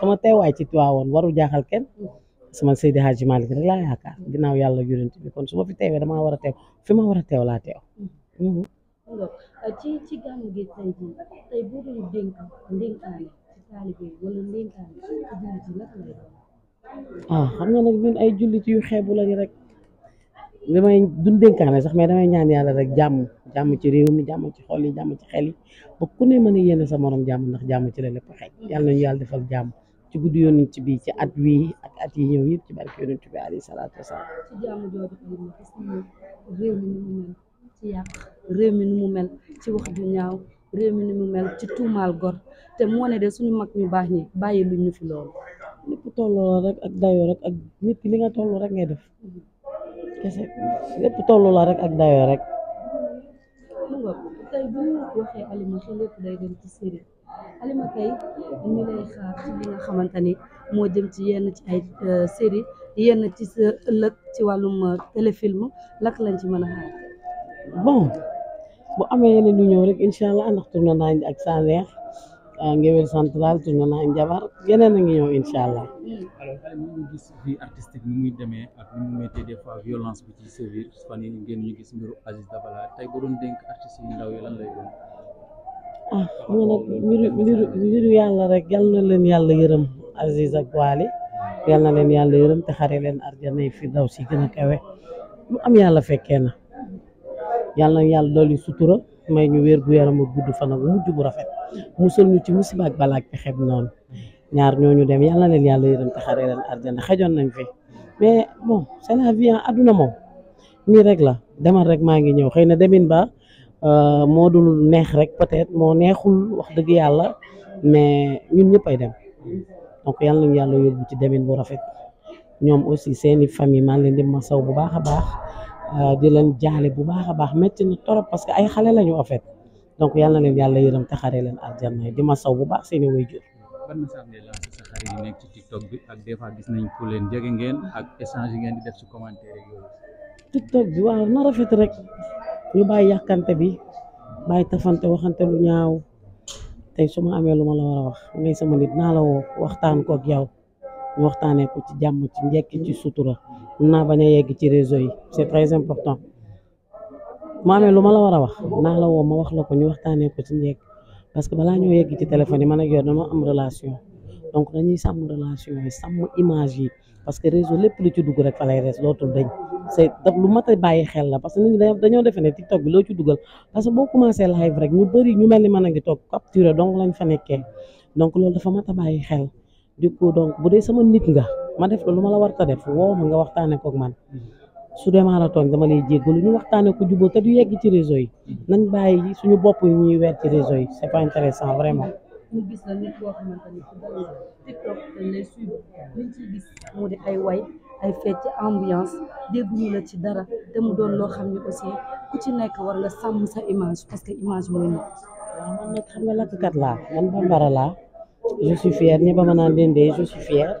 sama teewaay ci Tiwaawoon waru jaaxal kenn sama Seydi Hadji Malick rek laa yaakaar ginnaaw yàlla yonent bi kon fi teewee damaa war a teew fi ma war a teew laa mhm. gi tey jii jullit yi naka lay doon. Ah, xam nga nag ñun ay jullit yu xeebu lañu rek damay duñ sax mais damay ñaan yàlla rek jàmm jàmm ci réew mi jàmm ci xol yi jàmm ci xel ba ku ne mën a yéene sa morom jàmm ndax jàmm ci la lépp xëy yàlla nañu yàlla defal jàmm. ci guddi ci bi ci at wii ak at yi ñëw yëpp ci barke yonent bi alayhi salaatu wasalaam ci jaamu jooju réew mi mu mel ci mu ñaaw réew mi ni mu mel te moo suñu mag ñu baax ñi bàyyi lu ñu fi loolu lépp tolloo rek ak dayoo rek ak li nga toll rek ngay def lépp tollu la rek ak dayoo rek Halima Gaye nga xamante ni moo jëm ci yenn ci ay euh, série yenn ci sa ëllëg ci wàllum euh, téléfilm lak lañ ci mën a xaar bon bu amee yeneen ñu ñëw rek incha allah ndax tourné naa ak Saneex Ngéwél Central tourné naa Njabar yeneen a ngi ñëw incha gis vie artistique ni demee ak ni des fois violence bi ci sévir fan gis mbiru Aziz Dabala tey bu ah ñu nag mbiru mbiru mbiru rek yal na leen yàlla yërëm Aziz ak Waly yal na leen yàlla yërëm te xare leen arjana yi firdawsi gën a kawe lu am yàlla fekkee na yal na yàlla dolli sutura may ñu wér gu yaram ak gudd fan ak mujj bu rafet musal ñu ci musiba ak balaak pexeb noonu ñaar ñooñu dem yal na leen yàlla yërëm te xare arjana xajoon nañ fi bon c'est la vie àdduna moom nii rek la demal rek demin ba Euh, moo dul neex rek peut-être moo neexul wax dëgg yàlla mais ñun ñëpp ay dem donc yàlla nañu yàlla yóbbu ci demin bu rafet ñoom aussi seeni famille maa ngi leen di saw bu baax a baax euh, di leen jaale bu baax a baax métti na trop parce que ay xale lañu en fait donc yàlla na leen yàlla yërëm te xare leen aljanna di saw bu baax seeni waajur ban message ngay sa xarit nekk ci TikTok bi ak des gis nañ ku leen jege ngeen ak échange yi ngeen di def ci commentaire yooyu. TikTok bi waaw na rafet rek ñu bàyyi yàkkante bi bàyyi tafante waxante lu ñaaw tey su ma amee lu ma la war a wax sama nit naa la woo waxtaan ko ak yow ñu waxtaanee ko ci jàmm ci njekki ci sutura naa bañ yegg ci réseau yi c'est très important ma amee lu ma la war a wax naa la woo ma wax la ko ñu waxtaanee ko ci njekk parce que balaa ñoo yegg ci téléphone yi man ak yow dañoo am relation donc dañuy sàmm relation yi sàmm image yi parce que réseau lépp lu ci dugg rek fa lay res dootul dañ c'est lu a bàyyi xel la parce que nit ñi dañoo defe ne TikTok bi loo ci dugal parce que boo commencé live rek ñu bëri ñu mel ni mën a ngi toog capturé donc lañ fa nekkee donc loolu dafa mat a bàyyi xel du coup donc bu dee sama nit nga ma def la lu ma la war a def woo ma nga waxtaanee koog man su dee maa la tooñ dama lay jéggalu ñu waxtaanee ko jubóo te du yegg ci réseau yi nañ bàyyi suñu bopp yi ñuy weer ci réseau yi c'est pas intéressant vraiment ñu gis la nit boo xamante ni ci dara TikTok dañ di ay way ay fecc ambiance dégguñu la ci dara te mu doon loo xam ne aussi ku ci nekk war nga sàmm sa image parce que image mooy nit. waaw man nag xam nga lakkkat laa man bambara laa je suis ba ma naan dendee je suis fière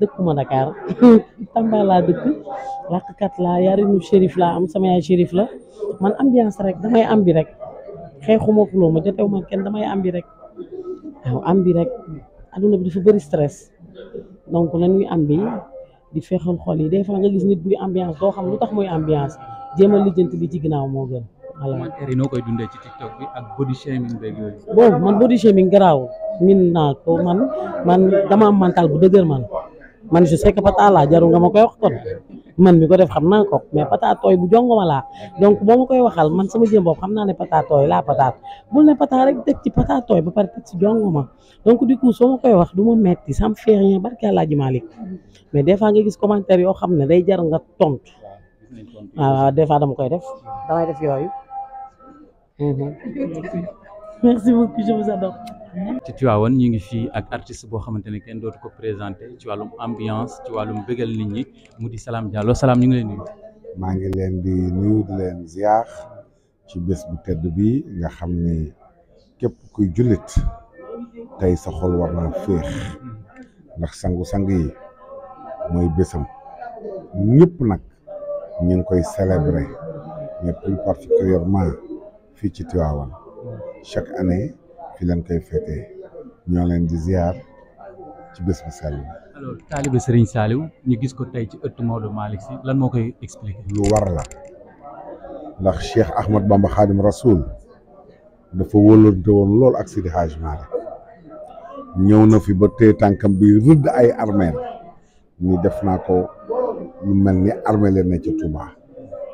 dëkkuma Dakar Tamba laa dëkk lakkkat laa yarinu shérif laa am sama yaay shérif la man ambiance rek damay ambi rek xeexuma fuloo ma jotew ma kenn damay ambi rek. waaw am bi rek adduna bi dafa bëri stress donc nañuy am bi di fexal xol yi des fois nga gis nit buy ambiance doo xam lu tax muy ambiance jéem a lijjanti li ci ginnaaw moo gën. voilà yi noo koy dundee ci TikTok bi ak body shaming bon man body shaming garaawul min naa ko man man dama am mental bu dëgër man. man je sais que Pata nga ma koy wax kon man mi ko def xam naa ko mais Pata tooy bu jongoma laa donc boo ma koy waxal man sama jëm bopp xam naa ne Pata tooy laa Pata bul ne Pata rek teg ci Pata ba pare teg ci jongoma donc du coup soo ma koy wax du ma metti sam me fait rien barke El Hadj Malick mais des fois nga gis commentaire yoo xam ne day jar nga tontu waaw ah, des fois dama koy def damay def yooyu mhm. merci sa je ci Tivaouane ñu ngi fii ak artiste boo xamante ne kenn dootu ko présenté ci wàllum ambiance ci wàllum bëggal nit ñi mu di salaam Diallo Salam ñu ngi leen nuyu. maa ngi leen di nuyu leen ziar ci bés bu tedd bi nga xam ni képp kuy julit tey sa xol war na ndax sangu-sang yi mooy bésam ñëpp nag ñu ngi koy célébrer mais plus particulièrement fii ci Tivaouane chaque année. fi leen koy féetee ñoo leen di ziar ci bés bu sell. alors taalibe Serigne Saliou ñu gis ko tey ci ëttu Maodo Malick si lan moo koy expliquer. lu war la ndax Cheikh Ahmad Bamba Khadim Rasoul dafa wóolante woon lool ak Sidi Hadj Malick ñëw na fi ba téye tànkam bi rudd ay armeel ni def naa ko lu mel ni armeel leen ca Touba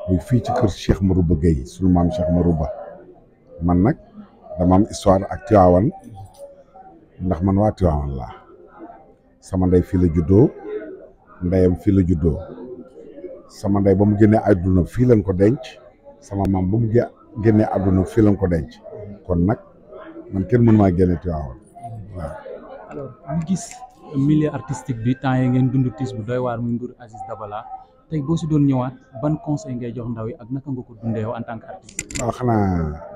muy fii ci kër Cheikh Marouba Gueye sunu maam Cheikh Marouba man nag. dama am histoire ak Tiwaawan ndax man waa Tiwaawan laa sama ndey fii la juddoo ndeyam fii la juddoo sama ndey ba mu génnee àdduna fii lañ ko denc sama maam ba mu génnee àdduna fii lañ ko denc kon nag man kenn mën maa génne Tiwaawan waaw. gis milieu artistique bi temps yi ngeen dund tiis bu doy waar muy Ndour Aziz tey boo si doon ñëwaat ban conseil ngay jox ndaw yi ak naka nga ko dundee yow en tant que artiste.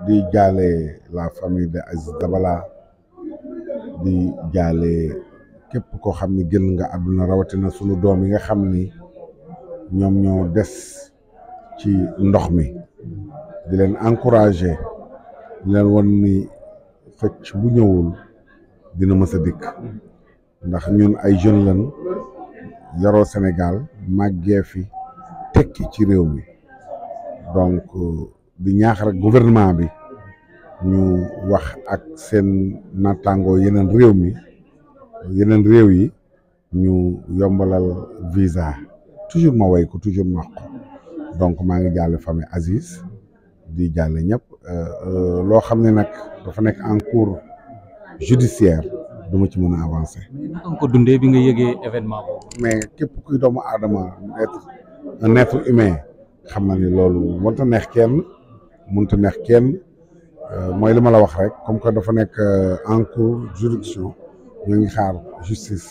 di jaale la famille de Aziz Dabala di jaale képp koo xam ne génn nga àdduna rawatina sunu doom yi nga xam ni ñoom ñoo des ci ndox mi di leen encourager di leen wan ni xëcc bu ñëwul dina mës a dikk ndax ñun ay jeunes lañ. yaroo Sénégal màggee fi tekki ci réew mi donc di ñaax rek gouvernement bi ñu wax ak seen nattangoo yeneen réew mi yeneen réew yi ñu yombalal visa toujours ma way ko toujours ma ko donc maa ngi jàll famille Aziz di jàll ñëpp euh, euh, loo xam ne nag dafa nekk en cours judiciaire du ma ci mën a avancer. mais ko dundee bi nga yëgee mais képp kuy doomu aadama netre un xam na ni loolu mënut neex kenn mun ta neex kenn euh, mooy li ma la wax rek comme que dafa nekk euh, en cours juridiction ñoo ngi xaar justice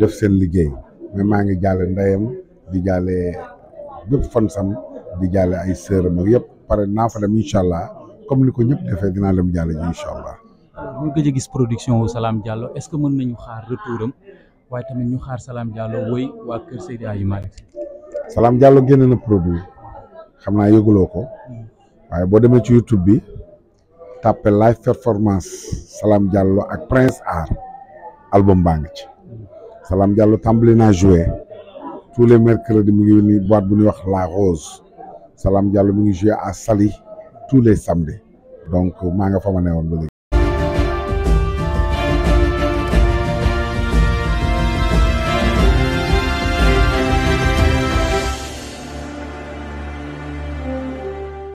def seen liggéey mais maa ngi jàlle ndeyam di jàlle bépp fansam di jàlle ay sœuram ak yëpp pare naa fa dem incha allah comme ni ko ñëpp defee dinaa dem jàlle ji incha allah. mu ngi gëj a gis production wu Salam jàllo est-ce que mën nañu xaar retour am waaye tamit ñu xaar salaam Diallo woy waa Kër Seydi Aji Malick. Salam Diallo génne na produit xam naa yëguloo ko hmm. waaye boo demee ci YouTube bi tàppe live performance Salam Diallo ak Prince Art album baa ngi ci hmm. Salam Diallo tàmbali naa joué tous les mercredis mi ngi ni boîte bu ñuy wax La Rose Salam Diallo mi ngi joué à sali tous les samedis donc maa nga fa ma ne woon